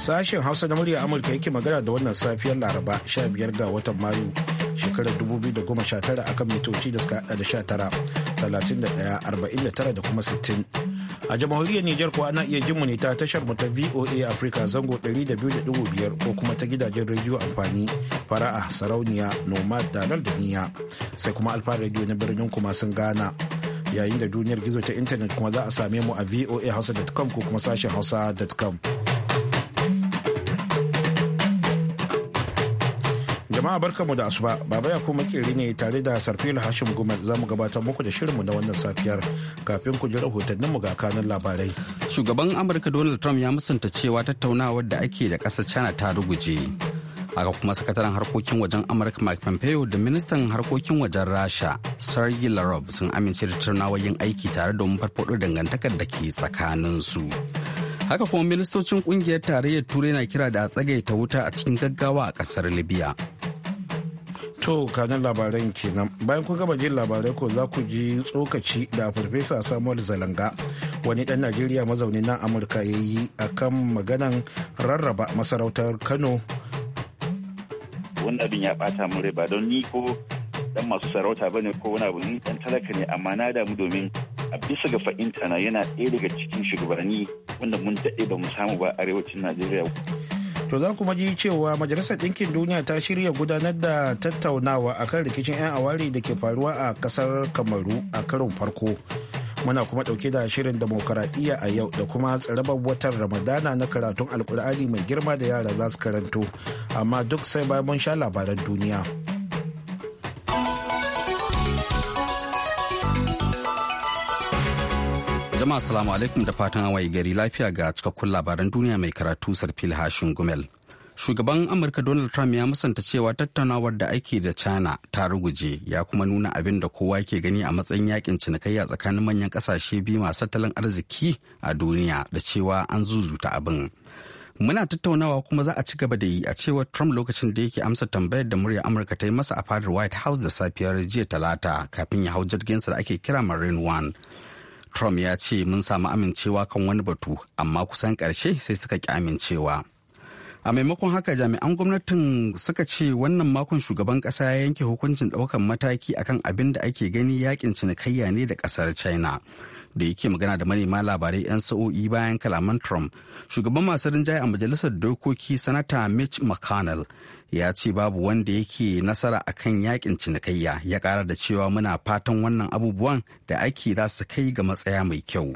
Sashen Hausa na murya Amurka yake magana da wannan safiyar Laraba 15 ga watan Mayu shekarar 2019 akan mitoci da suka hada da 19, 31, 49 da kuma 60. A jamhuriyar Nijar kuwa ana iya jin mu ne ta tashar mu ta VOA Africa zango 200.5 ko kuma ta gidajen rediyo amfani fara'a sarauniya nomad dalar da niyya sai kuma alfa rediyo na birnin kuma sun gana yayin da duniyar gizo ta intanet kuma za a same mu a hausa.com ko kuma sashen hausa.com. Jama'a mu da asuba, Baba ya kuma kiri ne tare da sarfila Hashim gumar za mu gabatar muku da shirinmu na wannan safiyar kafin ku ji rahotanninmu ga kanun labarai. Shugaban Amurka Donald Trump ya musanta cewa tattaunawar da ake da ƙasar China ta ruguje. Haka kuma sakataren harkokin wajen Amurka Mike Pompeo da ministan harkokin wajen Rasha Sergey Lavrov sun amince da tattaunawar yin aiki tare domin farfaɗo dangantakar da ke tsakanin su haka kuma ministocin kungiyar tarayyar turai na kira da a tsagaita wuta a cikin gaggawa a kasar libya To kanin labaran kenan bayan kun gama jin labarai ko za ku ji tsokaci da farfesa Samuel Zalanga wani dan Najeriya mazaunin nan Amurka ya yi a kan maganan rarraba masarautar Kano. Wani abin ya bata mun ba don ni ko dan masu sarauta ba ne ko wani abu ni dan talaka ne amma na damu domin a bisa ga fahimta na yana ɗaya daga cikin shugabanni wanda mun daɗe ba mu samu ba arewacin Najeriya. To za kuma ji cewa Majalisar Ɗinkin Duniya ta shirya gudanar da tattaunawa a kan rikicin 'yan awari da ke faruwa a ƙasar Kamaru a karon farko. Muna kuma ɗauke da shirin demokaradiyya a yau da kuma tsarabar watan Ramadana na karatun Alkur'ani mai girma da yara za su karanto, amma duk sai bayan mun sha labaran duniya. Jama'a salamu alaikum da fatan awayi gari lafiya ga cikakkun labaran duniya mai karatu sarfil hashin gumel. Shugaban Amurka Donald Trump ya musanta cewa tattaunawar da ake da China ta ruguje ya kuma nuna abin da kowa ke gani a matsayin yakin cinikayya tsakanin manyan kasashe biyu masu tattalin arziki a duniya da cewa an zuzuta abin. Muna tattaunawa kuma za a ci gaba da yi a cewar Trump lokacin da yake amsa tambayar da muryar Amurka ta yi masa a fadar White House da safiyar jiya talata kafin ya hau jirginsa da ake kira Marine One. Trump ya ce mun samu amincewa kan wani batu amma kusan ƙarshe sai suka ki amincewa. A maimakon haka jami'an gwamnatin suka ce wannan makon shugaban ƙasa ya yanke hukuncin ɗaukan mataki akan abin da ake gani yakin cinikayya ne da ƙasar China da yake magana da manema labarai 'yan sa'o'i bayan kalaman trump shugaban masu rinjaye a majalisar dokoki sanata mitch mcconnell ya ce babu wanda yake nasara a kan yakin cinikayya ya kara da cewa muna fatan wannan abubuwan da ake za su kai ga matsaya mai kyau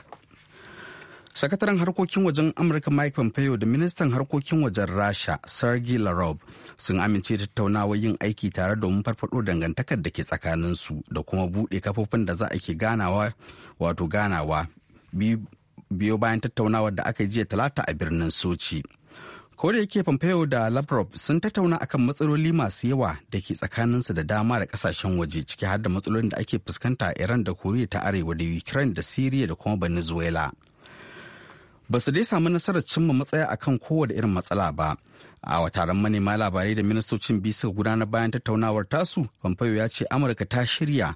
sakataren harkokin wajen amurka mike pompeo da ministan harkokin wajen rasha sergey larov sun amince tattaunawar yin aiki tare domin farfado dangantakar da ke tsakaninsu da kuma buɗe kafofin da za a ke ganawa wato ganawa biyo bayan tattaunawa da aka jiya talata a birnin sochi ko da yake pompeo da lavrov sun tattauna akan matsaloli masu yawa da ke tsakaninsu da dama da kasashen waje ciki har da matsalolin da ake fuskanta iran da koriya ta arewa da ukraine da syria da kuma venezuela ba su dai samu nasarar cimma matsaya a kan kowane irin matsala ba a wataren manema labarai da ministocin biyu suka gudanar bayan tattaunawar tasu pompeo ya ce amurka ta shirya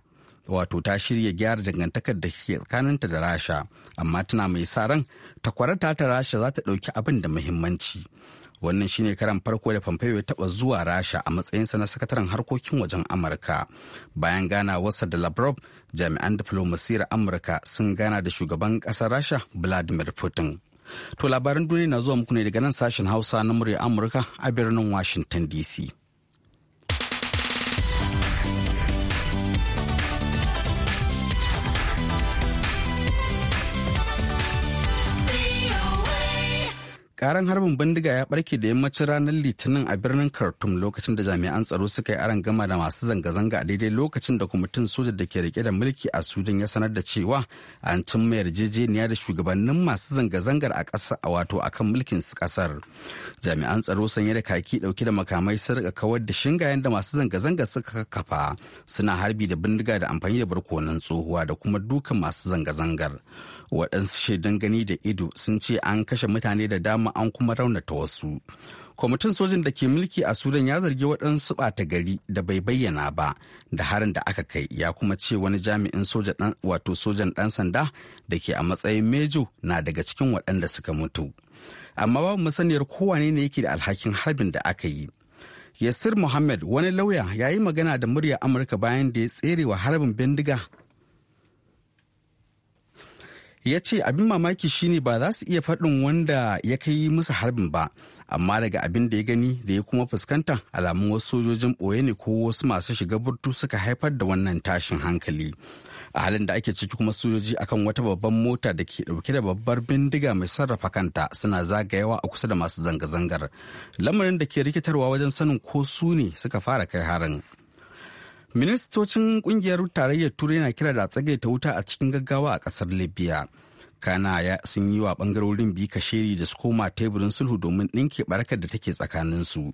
wato ta shirya gyara dangantakar da ke tsakaninta da rasha amma tana mai sa ran takwarata ta rasha za ta ɗauki abin da muhimmanci wannan shine karan farko da pompeo ya taba zuwa rasha a matsayinsa na sakataren harkokin wajen amurka bayan ganawarsa da lavrov jami'an diflomasiyar amurka sun gana da shugaban kasar rasha vladimir putin to labaran duniya na zuwa muku ne daga nan sashen hausa na murya amurka a birnin washington dc karan harbin bindiga ya barke da yammacin ranar litinin a birnin khartoum lokacin da jami'an tsaro suka yi aron gama da masu zanga-zanga a daidai lokacin da kwamitin soja da ke rike da mulki a sudan ya sanar da cewa an cimma yarjejeniya da shugabannin masu zanga-zangar a ƙasa a wato a kan mulkin ƙasar jami'an tsaro sanye da kaki ɗauke da makamai sun rika kawar da shingayen da masu zanga-zanga suka kafa suna harbi da bindiga da amfani da barkonan tsohuwa da kuma dukan masu zanga-zangar waɗansu shaidan gani da ido sun ce an kashe mutane da dama kuma an kuma raunata wasu kwamitin sojin da ke mulki a sudan ya zargi waɗansu ɓata gari da bai bayyana ba da harin da aka kai ya kuma ce wani jami'in soja wato sojan ɗan sanda da ke a matsayin mejo na daga cikin waɗanda suka mutu amma babu masaniyar kowane ne yake da alhakin harbin da aka yi yasir muhammad wani lauya ya yi magana da murya amurka bayan da ya tsere wa harbin bindiga ya ce abin mamaki shine ba za su iya faɗin wanda ya kai musu harbin ba amma daga abin da ya gani da ya kuma fuskanta alamun wasu sojojin ɓoye ne ko wasu masu shiga burtu suka haifar da wannan tashin hankali a halin da ake ciki kuma sojoji akan wata babban mota da ke dauke da babbar bindiga mai sarrafa kanta suna zagayawa a kusa da masu zanga-zangar lamarin da ke rikitarwa wajen sanin ko su ne suka fara kai harin ministocin kungiyar tarayyar turai na kira da ta wuta a cikin gaggawa a kasar libya kana ya sun yi wa bangarorin biyu kashiri da su koma teburin sulhu domin ɗinke barakar da take tsakaninsu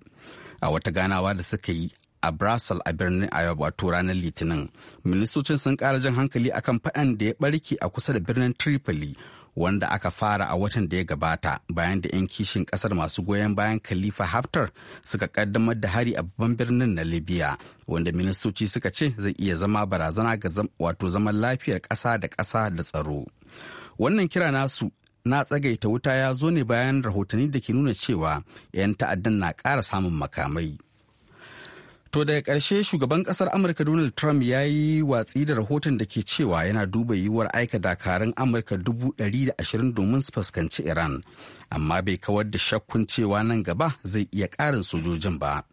a wata ganawa da suka yi a Brussels a birnin a wato ranar litinin ministocin sun ƙara jan hankali akan faɗan da ya ɓarke a kusa da birnin tripoli wanda aka fara a watan da ya gabata bayan da 'yan kishin kasar masu goyon bayan khalifa haftar suka kaddamar da hari a babban birnin na libya wanda ministoci suka ce zai iya zama barazana ga wato zaman lafiyar ƙasa da ƙasa da tsaro wannan kira nasu na tsagaita wuta ya zo ne bayan rahotanni da ke nuna cewa 'yan ta'addan na ƙara samun makamai To daga ƙarshe shugaban ƙasar Amurka Donald Trump ya yi watsi da rahoton da ke cewa yana duba yiwuwar aika dakarun Amurka dubu ɗari da ashirin domin su fuskanci Iran, amma bai kawar da shakkun cewa nan gaba zai iya ƙarin sojojin ba.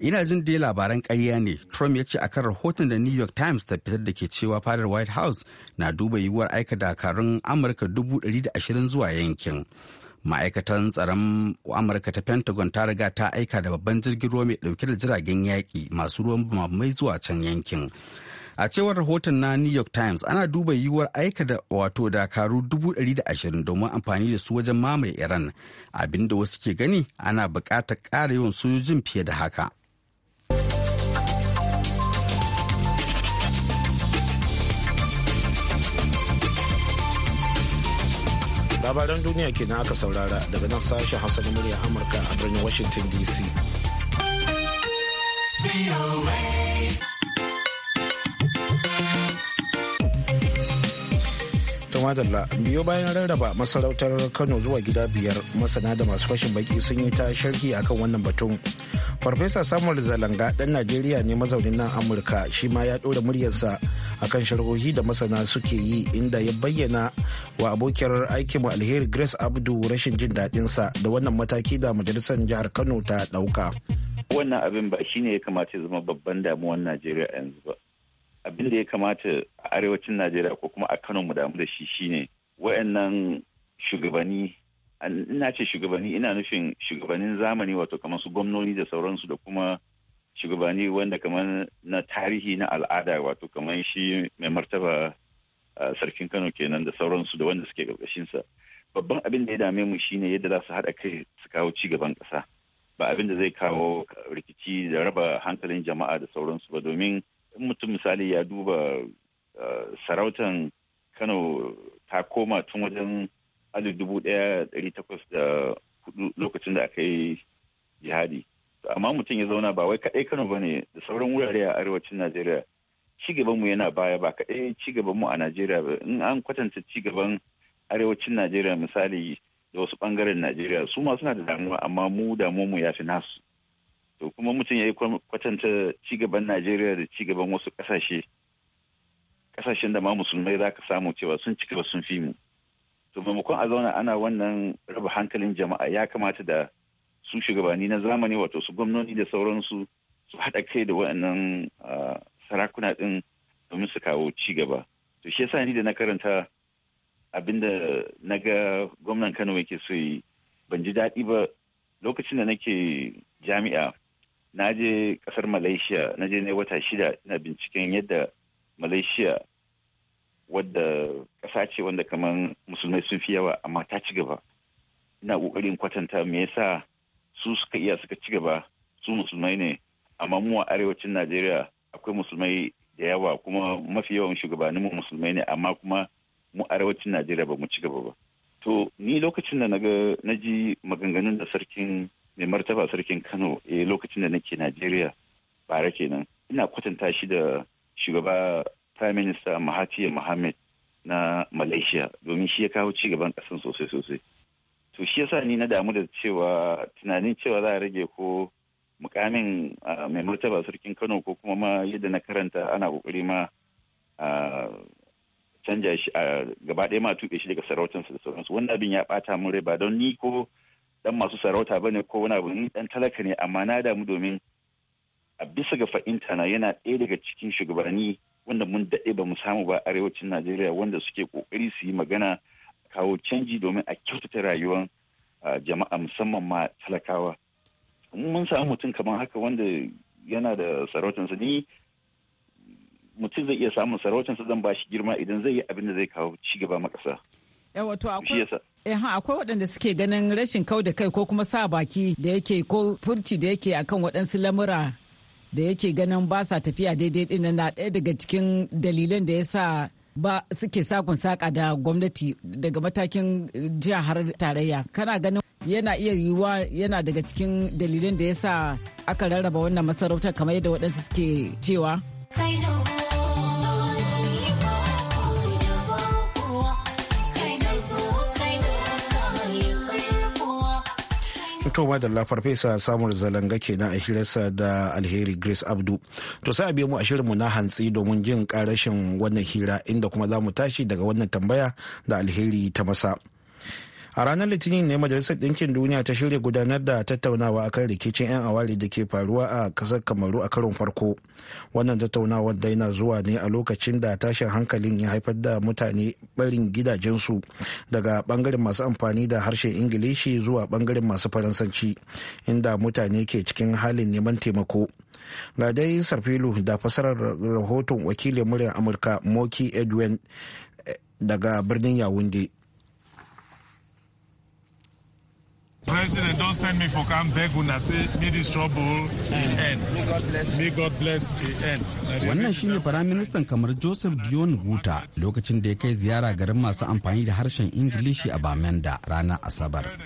Ina jin dai labaran ƙarya ne, Trump ya ce a kan rahoton da New York Times ta fitar da ke cewa fadar White House na duba yiwuwar aika dakarun Amurka dubu ɗari da ashirin zuwa yankin. ma'aikatan tsaron amurka ta pentagon ta riga ta aika da babban jirgin ruwa mai dauke da jiragen yaƙi masu ruwan mai zuwa can yankin a cewar rahoton na new york times ana duba yiwuwar aika da wato dakaru 120 domin amfani da su wajen mamaye iran abinda wasu ke gani ana buƙatar ƙara yawan sojojin fiye da haka labaran duniya ke kenan aka saurara daga nan sashen hausa na murya amurka a birnin washington dc tamadalla biyo bayan rarraba masarautar kano zuwa gida biyar masana da masu fashin baki sun yi ta sharhi akan wannan batun farfesa samuel zalanga dan najeriya ne mazaunin nan amurka shi ma ya ɗora muryarsa akan sharhohi da masana suke yi inda ya bayyana wa abokiyar mu alheri grace abdu rashin jin daɗinsa da wannan mataki da majalisar jihar kano ta ɗauka wannan abin ba shine ya kamata ya zama babban damuwar najeriya yanzu ba abin da ya kamata a arewacin najeriya ko kuma a kano mu damu da shi shine wayannan shugabanni ina ce shugabanni ina nufin shugabannin zamani wato kamar su gwamnoni da sauransu da kuma shugabanni wanda kamar na tarihi na al'ada wato kamar shi mai martaba sarkin kano kenan da sauransu da wanda suke ƙarƙashinsa babban abin da ya dame mu shine yadda za su haɗa kai su kawo ci gaban ƙasa ba abin da zai kawo rikici da raba hankalin jama'a da sauransu ba domin mutum misali ya duba eh, sarautan kano ta koma tun wajen alif dubu ɗaya ɗari takwas da hudu lokacin da aka yi jihadi amma mutum ya zauna ba wai kaɗai kano ba ne da sauran wurare a arewacin najeriya cigaban mu yana baya ba kaɗai mu a najeriya ba in an kwatanta cigaban arewacin najeriya misali da wasu ɓangaren najeriya su ma suna da damuwa amma mu damuwa mu ya fi nasu to kuma mutum ya yi kwatanta cigaban najeriya da cigaban wasu kasashe kasashen da ma musulmai za ka samu cewa sun ci gaba sun fi mu to maimakon a zauna ana wannan raba hankalin jama'a ya kamata da su shugabanni na zamani wato su gwamnoni da sauransu su haɗa kai da waɗannan sarakuna ɗin domin su kawo ci gaba to shi yasa ni da na karanta abinda na ga gwamnan kano yake so yi ban ji daɗi ba lokacin da nake jami'a na je kasar malaysia na je ne wata shida na binciken yadda malaysia wadda ƙasa ce wanda kamar musulmai sun fi yawa amma ta ci gaba ina ƙoƙarin kwatanta me yasa su suka iya suka ci gaba su musulmai ne amma mu a arewacin najeriya akwai musulmai da yawa kuma mafi yawan shugabanninmu musulmai ne amma kuma mu arewacin najeriya ba mu ci gaba ba to ni lokacin da na ji maganganun da sarkin mai martaba sarkin kano eh, lokacin da nake najeriya bara kenan ina kwatanta shi da shugaba prime minister mahathir mohamed na malaysia domin shi ya kawo ci gaban kasan sosai sosai to shi yasa ni na damu da cewa tunanin cewa za a rage ko mukamin mai martaba sarkin kano ko kuma ma yadda na karanta ana kokari ma canja shi a gaba ɗaya ma tuɓe shi daga sarautansa da sauransu wannan abin ya ɓata mun rai ba don ni ko dan masu sarauta bane ko wani abu ni dan talaka ne amma na damu domin a bisa ga fahimta na yana ɗaya daga cikin shugabanni wanda mun daɗe ba mu samu ba arewacin Najeriya wanda suke kokari su yi magana kawo canji domin a kyautata rayuwar jama'a musamman ma talakawa mun samu mutum kamar haka wanda yana da sarautansa ni mutum zai iya samun sarautansa zan ba shi girma idan zai yi abin da zai kawo ci gaba makasa. Yawa to akwai ha akwai waɗanda suke ganin rashin kau da kai ko kuma sa baki da yake ko furci da yake akan waɗansu lamura da yake ganin ba sa tafiya daidai ɗin na ɗaya daga cikin dalilan da ya sa ba suke sakon saƙa da gwamnati daga matakin jihar tarayya kana ganin yana iya yiwuwa yana daga cikin dalilan da ya sa aka rarraba wannan masarautar kamar yadda waɗansu suke cewa. to da farfesa samun zalanga kenan a hirarsa da alheri grace abdu to sai a biyo mu a shirinmu na hantsi domin jin karashin wannan hira inda kuma za mu tashi daga wannan tambaya da alheri ta masa a ranar litinin ne majalisar ɗinkin duniya ta shirya gudanar da tattaunawa kan rikicin 'yan awali da ke faruwa a ƙasar kamaru a karon farko wannan tattaunawar dai na zuwa ne a lokacin da tashin hankalin ya haifar da mutane barin gidajensu daga bangaren masu amfani da harshen ingilishi zuwa bangaren masu faransanci inda mutane ke cikin halin neman taimako ga dai sarfilu da fasarar rahoton wakilin muryar amurka moki edwin eh, daga birnin yawunde President, don't send me for camp. beg una say me this trouble end. May God bless the end. Wannan shine Firaministan kamar Joseph Dion Guta lokacin da ya kai ziyara garin masu amfani da harshen Ingilishi a Bamenda ranar Asabar.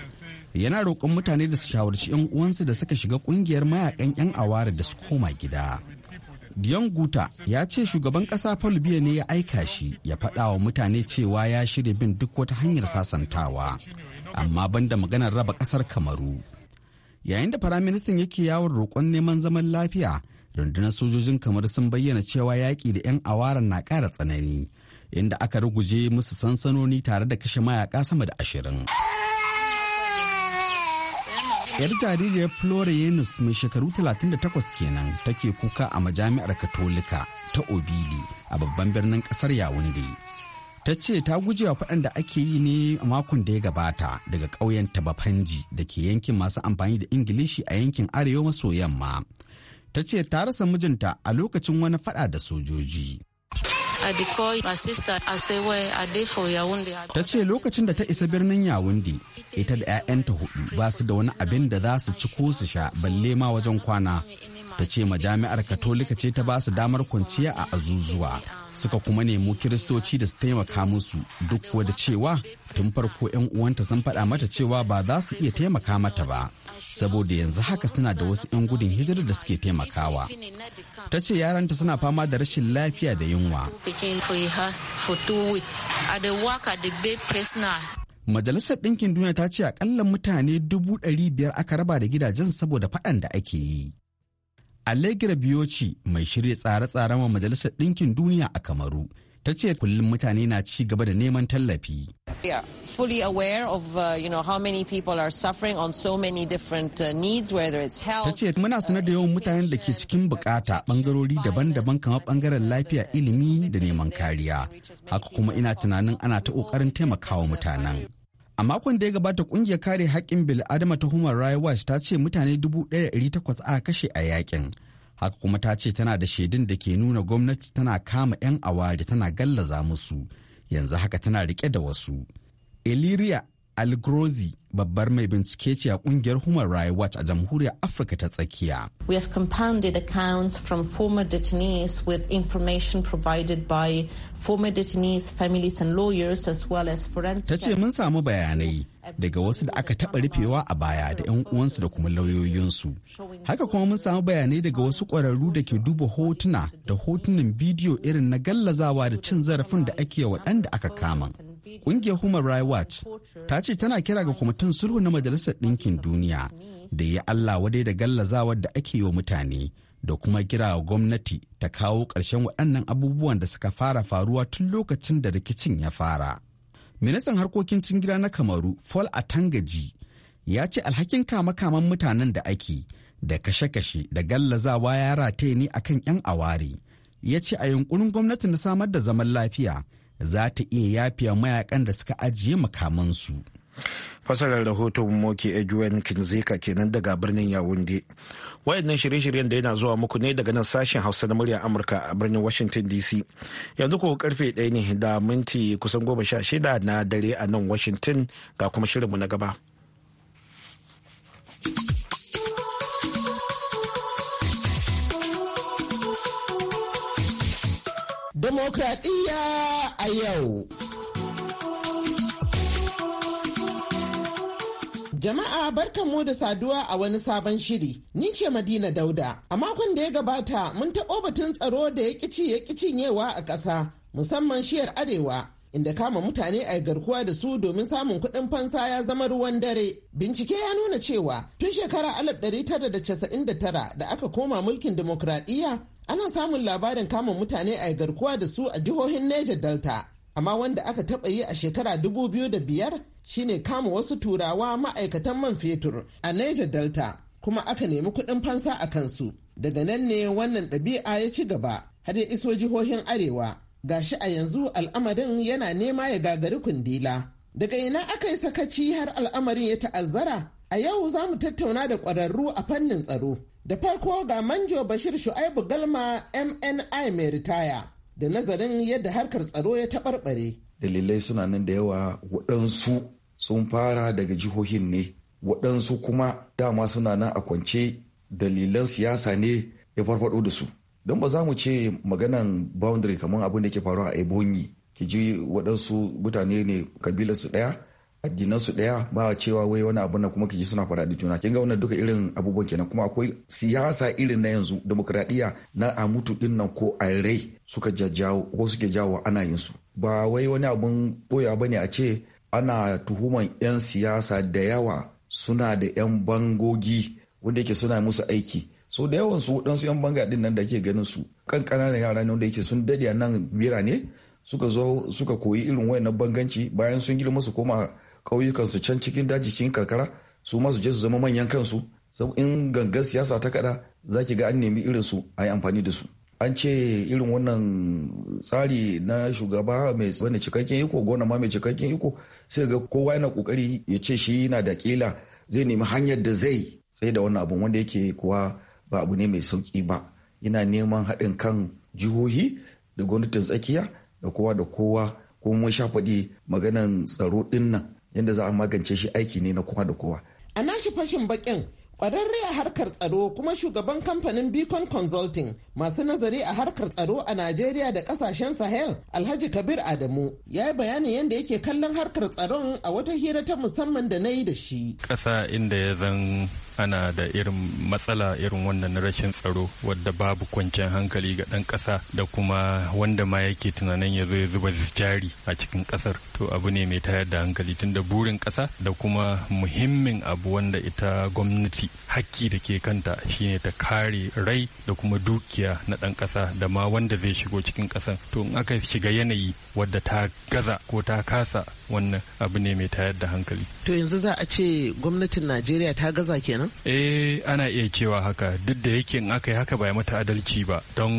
Yana roƙon mutane da su shawarci 'yan uwansu da suka shiga ƙungiyar mayaƙan 'yan awara da su koma gida. Dion ya ce shugaban ƙasa Paul Biya ne ya aika shi ya faɗa wa mutane cewa ya shirya bin duk wata hanyar sasantawa, amma banda maganar raba ƙasar Kamaru. Yayin da Firaministan yake yawon roƙon neman zaman lafiya, rundunar sojojin kamar sun bayyana cewa yaƙi da 'yan awara na ƙara tsanani, inda aka ruguje musu sansanoni tare da kashe mayaƙa sama da ashirin. yar jaririyar Florianus mai shekaru 38 kenan take kuka a majami'ar Katolika ta Obili a babban birnin kasar Yawunde. Ta ce ta gujewa faɗan da ake yi ne a makon da ya gabata daga ƙauyen Tabafanji da ke yankin masu amfani da Ingilishi a yankin Arewa maso yamma. Ta ce ta rasa mijinta a lokacin wani faɗa da sojoji. Ta ce lokacin da ta isa birnin yawundi ita da 'ya'yanta hudu ba su da wani abin da za su ci ko su sha balle ma wajen kwana. ta ce majami'ar katolika ce ta ba su damar kwanciya a azuzuwa suka kuma nemo kiristoci da su taimaka musu duk kuwa da cewa tun farko 'yan uwanta sun faɗa mata cewa ba za su iya taimaka mata ba saboda yanzu haka suna da wasu 'yan gudun hijira da suke taimakawa ta ce yaranta suna fama da rashin lafiya da yunwa Majalisar Ɗinkin Duniya ta ce akalla mutane dubu ɗari biyar aka raba da gidajen saboda faɗan da ake yi. Allegra Biyoci mai shirya tsare-tsaren wa Majalisar Ɗinkin Duniya a Kamaru ta ce kullum mutane na ci gaba da neman tallafi. fully aware of uh, you know how many people on so many different uh, needs whether it's muna sanar da yawan mutanen da ke cikin bukata bangarori daban-daban kamar bangaren lafiya, ilimi da neman kariya. Haka kuma ina tunanin ana ta kokarin taimakawa mutanen. A makon da ya gabata kungiyar kare haƙƙin bil'adama ta Human Rights Watch ta ce mutane 1,800 a kashe a yakin. Haka kuma ta ce tana da shaidun da ke nuna gwamnati tana kama 'yan awari tana gallaza musu. Yanzu haka tana riƙe da wasu. eliria Algrozi babbar mai bincike ce a kungiyar Human Rights Watch a jamhuriyar Afirka ta tsakiya. We have compounded accounts from former detainees with information provided by former detainees, families and lawyers as well as forensic. Ta ce mun samu bayanai daga wasu da aka taba rufewa a baya da 'yan uwansu da kuma lauyoyinsu. Haka kuma mun samu bayanai daga wasu ƙwararru da ke duba hotuna da hotunan bidiyo irin na gallazawa da cin zarafin da ake waɗanda aka kama. Ƙungiyar Human Rights Watch ta ce tana kira ga kwamitin sulhu na Majalisar Ɗinkin Duniya da ya Allah wadai da gallazawar da ake yi wa mutane da kuma kira wa gwamnati ta kawo ƙarshen waɗannan abubuwan da suka fara faruwa tun lokacin da rikicin ya fara. Ministan harkokin cin gida na Kamaru, Paul Atangaji, ya ce alhakin kama-kaman mutanen da ake da kashe-kashe da gallazawa ya rataye ne akan 'yan aware. Ya ce a yunkurin gwamnati na samar da zaman lafiya za ta iya yafiya mayakan da suka ajiye makamansu. fasarar rahoton moki edwin kinzika kenan daga birnin yawunde wayannan shirye-shiryen da yana zuwa muku ne daga nan sashen hausa na murya amurka a birnin washington dc yanzu ko karfe ɗaya ne da minti kusan goma sha shida na dare a nan washington ga kuma shirinmu na gaba Demokradiyya a yau. Jama'a barkanmu da saduwa a wani sabon shiri. Ni ce Madina Dauda. A makon da ya gabata mun taɓo batun tsaro da ya ƙici ya ƙicinyewa a ƙasa, musamman shiyar Arewa. inda kama mutane a garkuwa da su domin samun kuɗin fansa ya zama ruwan dare. Bincike ya nuna cewa tun shekara 1999 da aka koma mulkin demokradiyya ana samun labarin kama mutane a garkuwa da su a jihohin Niger Delta. Amma wanda aka taɓa yi a shekara 2005 shine kama wasu turawa ma'aikatan man fetur a Niger Delta kuma aka nemi kuɗin fansa a kansu. Daga nan ne wannan ɗabi'a ya ci gaba har ya iso jihohin Arewa. Gashi a yanzu al'amarin yana nema ya gagari kundila. Daga ina aka yi sakaci har al'amarin ya ta'azzara? A yau za mu tattauna da ƙwararru a fannin tsaro. Da farko ga Manjo Bashir Shu'aibu Galma MNI mai ritaya da nazarin yadda harkar tsaro ya taɓarɓare. Dalilai suna nan da yawa waɗansu sun fara daga jihohin ne, waɗansu kuma dama suna nan a kwance dalilan siyasa ne ya farfaɗo da su. don ba za mu ce maganan boundary kamar abin da ke faruwa a ebonyi ki ji waɗansu mutane ne su ɗaya addinansu ɗaya ba a cewa wai wani abin kuma ki ji suna faɗa da juna kin ga wannan duka irin abubuwan kenan kuma akwai siyasa irin na yanzu demokradiyya na a mutu din ko a rai suka jajjawo ko suke jawo ana yin su ba wai wani abun boya bane a ce ana tuhuman 'yan siyasa da yawa suna da 'yan bangogi wanda yake suna musu aiki so da yawan su waɗansu yan banga din nan da ke ganin su kan ƙananan yara ne wanda yake sun dade a nan birane suka zo suka koyi irin wayannan banganci bayan sun girma su koma ƙauyukan su can cikin daji cikin karkara su ma su je su zama manyan kansu in gangan siyasa ta kada za ki ga an nemi irin su a yi amfani da su an ce irin wannan tsari na shugaba mai wani cikakken iko gona ma mai cikakken iko sai ga kowa yana kokari ya ce shi yana da kila zai nemi hanyar da zai tsaye da wannan abun wanda yake kuwa ba abu ne mai sauƙi ba yana neman haɗin kan jihohi da gwamnatin tsakiya da kowa da kowa ko mun sha faɗi maganan tsaro dinnan yadda za a magance shi aiki ne na kowa da kowa. A nashi fashin baƙin kwararre a harkar tsaro kuma shugaban kamfanin beacon consulting masu nazari a harkar tsaro a najeriya da kasashen sahel alhaji kabir adamu ya yi bayani yadda yake kallon harkar tsaron a wata hira ta musamman da na yi da shi ƙasa inda ya zan ana da irin matsala irin wannan na rashin tsaro wadda babu kwanciyar hankali ga ɗan ƙasa da kuma wanda ma yake tunanin ya zo ya zuba jari a cikin ƙasar to abu ne mai tayar da hankali tun da burin ƙasa da kuma muhimmin abu wanda ita gwamnati hakki da ke kanta shine ta kare rai da kuma dukiya na ɗan ƙasa da ma wanda zai shigo cikin ƙasar to in aka shiga yanayi wadda ta gaza ko ta kasa wannan abu ne mai tayar da hankali to yanzu za a ce gwamnatin najeriya ta gaza kenan Eh ana iya cewa haka duk da yake in aka yi haka ba ya mata adalci ba don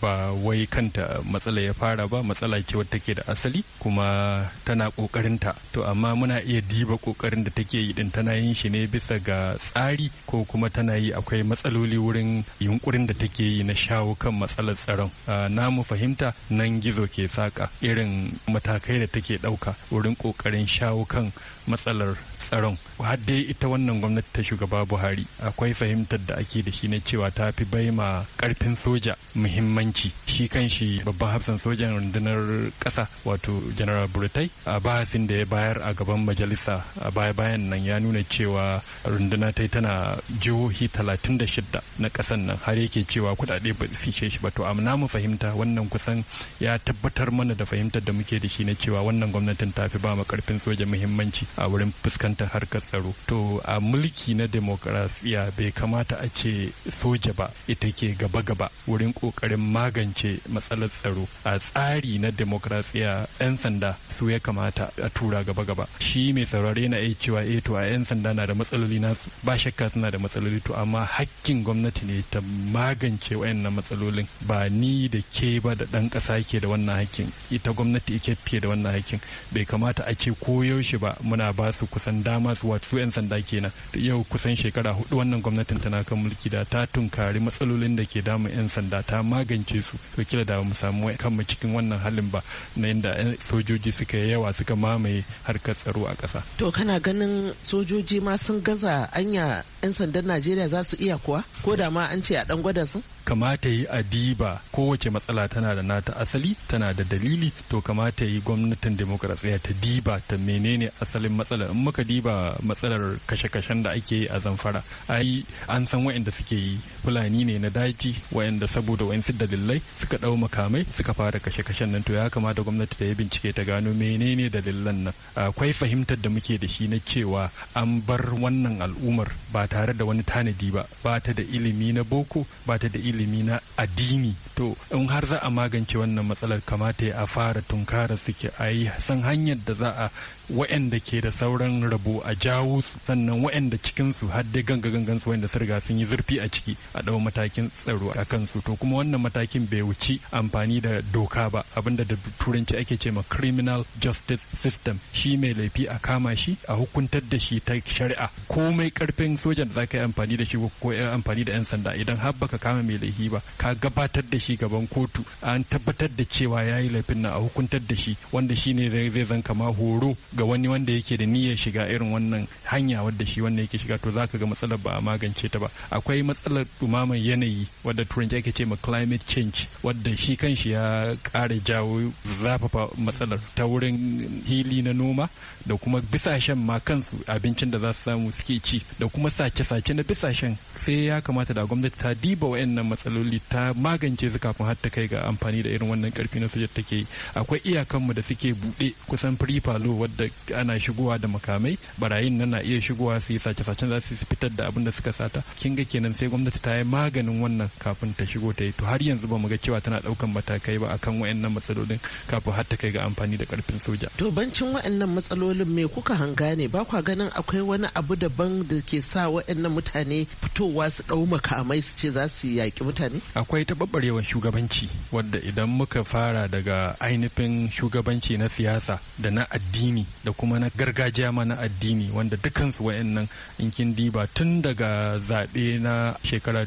ba wai kanta matsala ya fara ba matsala ce wadda take da asali kuma tana kokarinta to amma muna iya diba kokarin da take yi din tana yin shi ne bisa ga tsari ko kuma tana yi akwai matsaloli wurin yunkurin da take yi na shawo kan matsalar tsaron na mu fahimta nan gizo ke saka irin matakai da take ɗauka wurin kokarin shawo kan matsalar tsaron har dai ita wannan gwamnati ta shugaba shugaba buhari akwai fahimtar da ake da shi na cewa ta fi ma karfin soja muhimmanci shi kanshi babban hafsan sojan rundunar kasa wato general burtai a bahasin da ya bayar a gaban majalisa a baya bayan nan ya nuna cewa runduna ta tana jihohi talatin da 36 na ƙasan nan har yake cewa kudade ba su shi ba to amma mu fahimta wannan kusan ya tabbatar mana da fahimtar da muke da shi na cewa wannan gwamnatin ta fi ba ma karfin soja muhimmanci a wurin fuskantar harkar tsaro to a mulki na demokrasi demokarasiya bai kamata a ce soja ba ita ke gaba-gaba wurin kokarin magance matsalar tsaro a tsari na demokarasiya 'yan sanda su ya kamata a tura gaba-gaba shi mai saurare na iya cewa eh to a 'yan sanda na da matsaloli nasu ba shakka suna da matsaloli to amma hakkin gwamnati ne ta magance wayannan matsalolin ba ni da ke ba da dan kasa ke da wannan hakkin ita gwamnati ke fiye da wannan hakkin bai kamata a ce koyaushe ba muna ba su kusan dama su wato 'yan sanda kenan yau kusan shekara hudu wannan gwamnatin tana kan mulki da ta tunkari matsalolin da ke damun 'yan sanda ta magance su to kila da mu samu kanmu cikin wannan halin ba na yadda sojoji suka yi yawa suka mamaye harkar tsaro a ƙasa. To kana ganin sojoji ma sun gaza anya 'yan sandan Najeriya za su iya kuwa ko da ma an ce a dan gwada sun. kamata yi a diba kowace matsala tana da nata asali tana da dalili to kamata yi gwamnatin demokrasiya ta diba ta menene asalin matsala in muka diba matsalar kashe-kashen da ake yi a zamfara ai an san wa'anda suke yi fulani ne na daji wa'anda saboda wa'ansu dalilai suka dau makamai suka fara kashe-kashen nan to ya kamata gwamnati ta yi bincike ta gano menene dalilan nan akwai fahimtar da muke da shi na cewa an bar wannan al'ummar ba tare da wani tanadi ba ba ta da ilimi na boko ba ta da ilimi ilimi na addini to in har za a magance wannan matsalar kamata a fara tunkara suke a yi san hanyar da za a waɗanda ke da sauran rabo a jawo sannan waɗanda cikinsu har dai ganga gangan su waɗanda sun yi zurfi a ciki a ɗau matakin tsaro a kansu to kuma wannan matakin bai wuci amfani da doka ba abinda da turanci ake ce ma criminal justice system shi mai laifi a kama shi a hukuntar da shi ta shari'a komai karfin sojan da zaka yi amfani da shi ko amfani da 'yan sanda idan har baka kama mai laifi ba ka gabatar da shi gaban kotu an tabbatar da cewa ya yi laifin nan a hukuntar da shi wanda shi ne zai zan kama horo ga wani wanda yake da niyyar shiga irin wannan hanya wadda shi wanda yake shiga to zaka ga matsalar ba a magance ta ba akwai matsalar dumaman yanayi wadda turanci ake ce ma climate change wadda shi kanshi ya ƙara jawo zafafa matsalar ta wurin hili na noma da kuma bisashen ma kansu abincin da za su samu suke ci da kuma sace-sace na bisashen sai ya kamata da gwamnati ta diba wayannan matsaloli ta magance su kafin har ta kai ga amfani da irin wannan karfi na soja take akwai iyakanmu da suke buɗe kusan free palo wadda ana shigowa da makamai barayin nan na iya shigowa su yi sace-sacen za su fitar da abin da suka sata kin ga kenan sai gwamnati ta yi maganin wannan kafin ta shigo ta yi to har yanzu ba mu ga cewa tana daukan matakai ba akan wayannan matsalolin kafin har ta kai ga amfani da karfin soja to bancin wayannan matsalolin me kuka hanga ne ba kwa ganin akwai wani abu daban da ke sa wayannan mutane fitowa su dau makamai su ce za su yaƙi mutane akwai yawan shugabanci wanda idan muka fara daga ainihin shugabanci na siyasa da na addini da kuma na gargajiya ma na addini wanda dukansu wayannan in kin diba tun daga zaɓe na shekara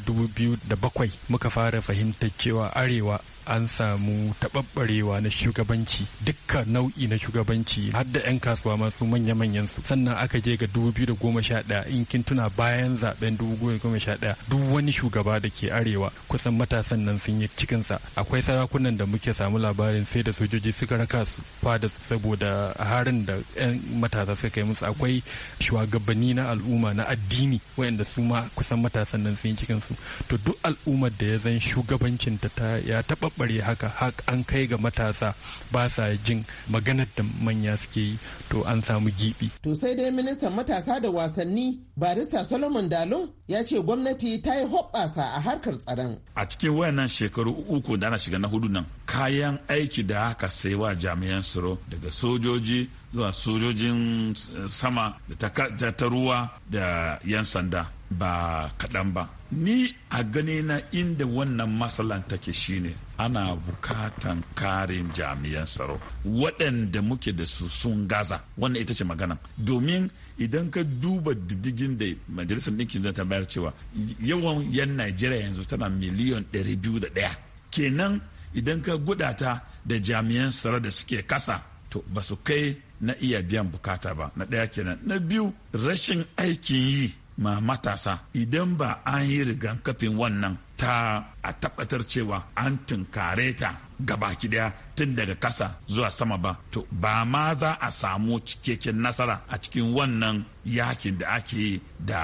da bakwai muka fara fahimtar cewa arewa an samu taɓaɓɓarewa na shugabanci duka nau'i na shugabanci har da 'yan kasuwa masu manya-manyan su sannan aka je ga ɗaya in kin tuna bayan zaben ɗaya duk wani shugaba da ke arewa kusan matasan nan sun yi cikinsa akwai sarakunan da muke samu labarin sai da sojoji suka raka su fada saboda harin da yan matasa suka kai musu akwai shugabanni na al'umma na addini waɗanda su ma kusan matasan nan sun cikin su to duk al'ummar da ya zan shugabancin ta ya taɓaɓɓare haka an kai ga matasa ba sa jin maganar da manya suke yi to an samu gibi. To sai dai ministan matasa da wasanni barista Solomon Dalon ya ce gwamnati ta yi hoɓɓasa a harkar tsaron. A cikin wayannan shekaru uku da ana shiga na hudu nan kayan aiki da aka sai wa jami'an tsaro daga sojoji zuwa sojojin eh, sama da ta ruwa da 'yan sanda ba kaɗan ba ni a gane na inda wannan matsalan take shine ana bukatan karin jami'an tsaro waɗanda muke da su sun gaza wannan ita ce magana domin idan ka duba didigin da majalisar ɗinkin ta bayar cewa yawan 'yan najeriya yanzu tana miliyan ɗari biyu da ɗaya. kenan idan ka gudata da jami'an tsaro da suke kasa to ba su kai na iya biyan bukata ba na ɗaya kenan na biyu rashin aikin yi ma matasa idan ba an yi rigakafin wannan ta a tabbatar cewa an tunkare ta gabaki daya tun daga kasa zuwa sama ba to ba ma za a samu cikakken nasara a cikin wannan yakin da ake yi da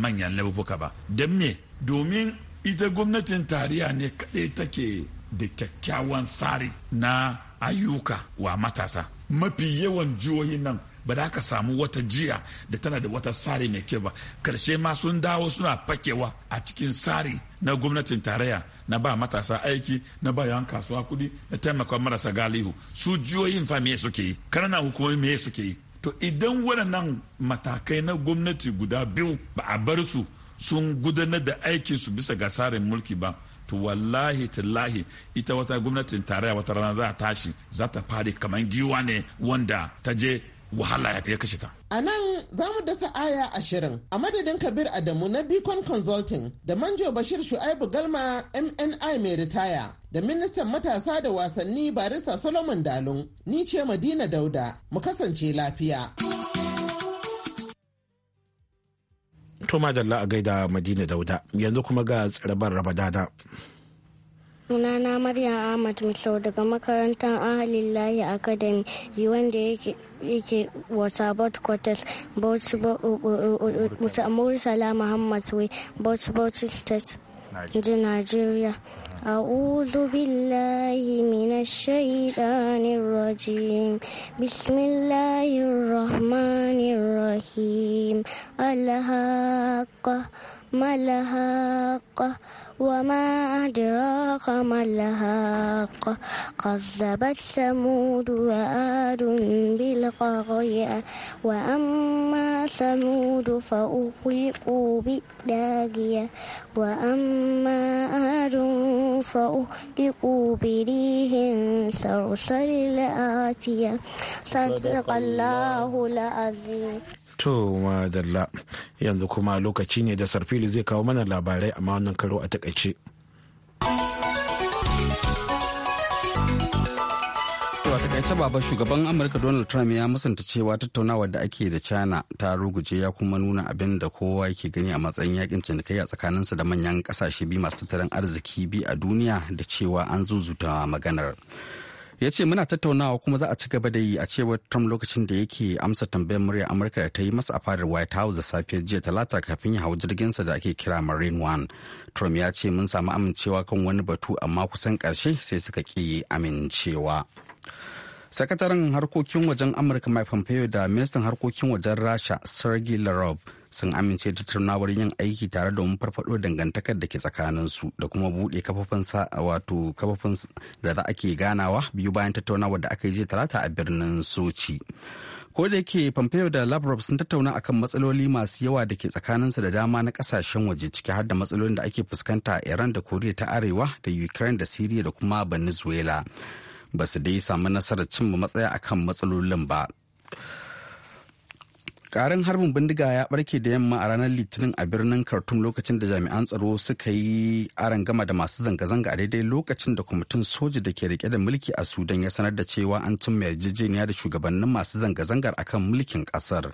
manyan laifuka ba don me domin ita gwamnatin tarayya ne kaɗai take da kyakkyawan tsari na ayyuka wa matasa mafi yawan jihohi nan ba da aka samu wata jiya da tana da wata tsari mai kyau ba karshe ma sun dawo suna fakewa a cikin tsari na gwamnatin tarayya na ba matasa aiki na ba yan kasuwa kudi na taimakon marasa galihu su jihohin fa me suke yi karana hukumomi me suke yi to idan waɗannan matakai na gwamnati guda biyu ba a bar su sun gudanar da aikinsu bisa ga tsarin mulki ba to wallahi tallahi ita wata gwamnatin tarayya wata rana za a tashi za ta fare kamar giwa ne wanda ta je wahala ya kashe ta. A nan za mu dasa aya ashirin a madadin Kabir Adamu na Beacon Consulting da Manjo Bashir Shu'aibu Galma MNI mai ritaya da ministan matasa da wasanni barista Solomon Dalun ni ce Madina Dauda mu kasance lafiya. To madalla a gaida Madina Dauda yanzu kuma ga tsarabar rabadada Sunana Maryam Ahmad Mishau daga makarantar Ahalillahi Academy wanda yake wata bot quarters Murisala Muhammad Wai Bauchi Bauchi State Nigeria. أعوذ بالله من الشيطان الرجيم بسم الله الرحمن الرحيم الهاق ما الهاق وما أدراك ما الهاق كذبت ثمود وآد بالقرية وأما ثمود فأقلقوا بالداقية وأما آد فأقلقوا بريح صرصر الآتية صدق الله العظيم To madalla yanzu kuma lokaci ne da sarfili zai kawo mana labarai amma wannan karo a takaice. takaice baba shugaban amurka donald trump ya musanta cewa tattaunawar da ake da china ta ruguje ya kuma nuna abin da kowa yake gani a matsayin yakin cinikayya tsakaninsa da manyan kasashe biyu masu tattalin arziki bi a duniya da cewa an zuzuta maganar ya ce muna tattaunawa kuma za a ci gaba da yi a cewar trump lokacin da yake amsa tambayar murya amurka da ta yi masa a fadar white house da safiyar jiya talata kafin ya hau jirginsa da ake kira marine one trump ya ce mun samu amincewa kan wani batu amma kusan karshe sai suka ki amincewa sakataren harkokin wajen amurka mai pompeo da ministan harkokin wajen rasha sergey larov sun amince da tattaunawar yin aiki tare da domin farfado dangantakar da ke tsakaninsu da kuma buɗe kafafen wato kafafen da za a ke ganawa biyu bayan tattaunawar da aka yi jiya talata a birnin sochi ko da yake pompeo da lavrov sun tattauna akan matsaloli masu yawa da ke tsakaninsu da dama na kasashen waje ciki har da matsalolin da ake fuskanta a iran da koriya ta arewa da ukraine da syria da kuma venezuela ba su dai samu nasarar cimma matsaya akan matsalolin ba karin harbin bindiga ya barke da yamma a ranar litinin a birnin khartoum lokacin da jami'an tsaro suka yi aron gama da masu zanga-zanga a daidai lokacin da kwamitin soja da ke rike da mulki a sudan ya sanar da cewa an cimma yarjejeniya da shugabannin masu zanga-zangar akan mulkin kasar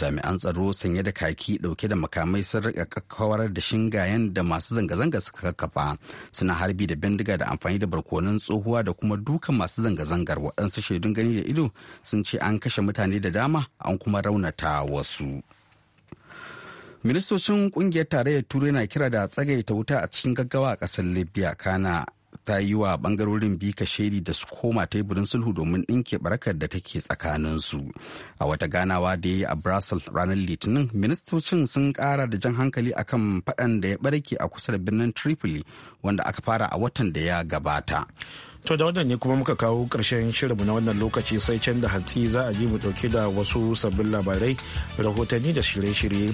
jami'an tsaro sanye da kaki dauke da makamai sun rika kakkawar da shingayen da masu zanga-zanga suka kakkafa suna harbi da bindiga da amfani da barkonon tsohuwa da kuma dukan masu zanga-zangar waɗansu shaidun gani da ido sun ce an kashe mutane da dama an kuma raunata wasu ministocin kungiyar tarayyar turai na kira da tsagaita wuta a cikin gaggawa a kasar libya kana ta yi wa bangarorin bi kashedi da su koma teburin sulhu domin ɗinke barakar da take tsakaninsu a wata ganawa da ya yi a brussels ranar litinin ministocin sun ƙara da jan hankali akan faɗan da ya barke a kusa da birnin tripoli wanda aka fara a watan da ya gabata To da wannan ne kuma muka kawo ƙarshen shirinmu na wannan lokaci sai can da hatsi za a ji mu ɗauke da wasu sabbin labarai rahotanni da shirye-shirye.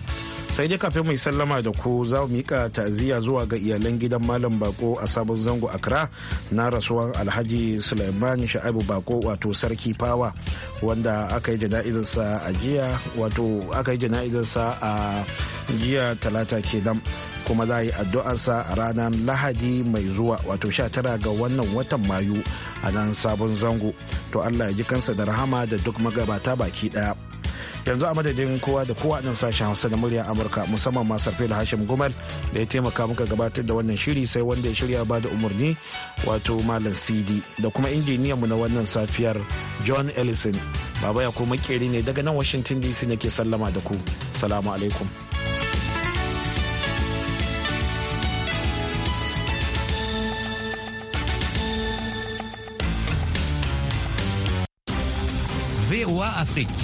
Sai dai kafin mu yi sallama da ku za mu miƙa ta'aziyya zuwa ga iyalan gidan Malam Bako a sabon zango Accra na rasuwar Alhaji Sulaiman sha'abu Bako wato Sarki Fawa wanda aka yi jana'izarsa a jiya wato aka yi jana'izarsa a jiya talata kenan. kuma za a yi addu'arsa a ranar lahadi mai zuwa wato 19 ga wannan watan mayu a nan sabon zango to allah ya ji kansa da rahama da duk magabata baki daya yanzu a madadin kowa da kowa nan sashen hausa da murya amurka musamman ma sarfil hashim gumal da ya taimaka muka gabatar da wannan shiri sai wanda ya shirya ba da umarni wato malam cd da kuma injiniyanmu na wannan safiyar john ellison baba ya kuma makeri ne daga nan washington dc nake sallama da ku salamu alaikum VOA Afrique.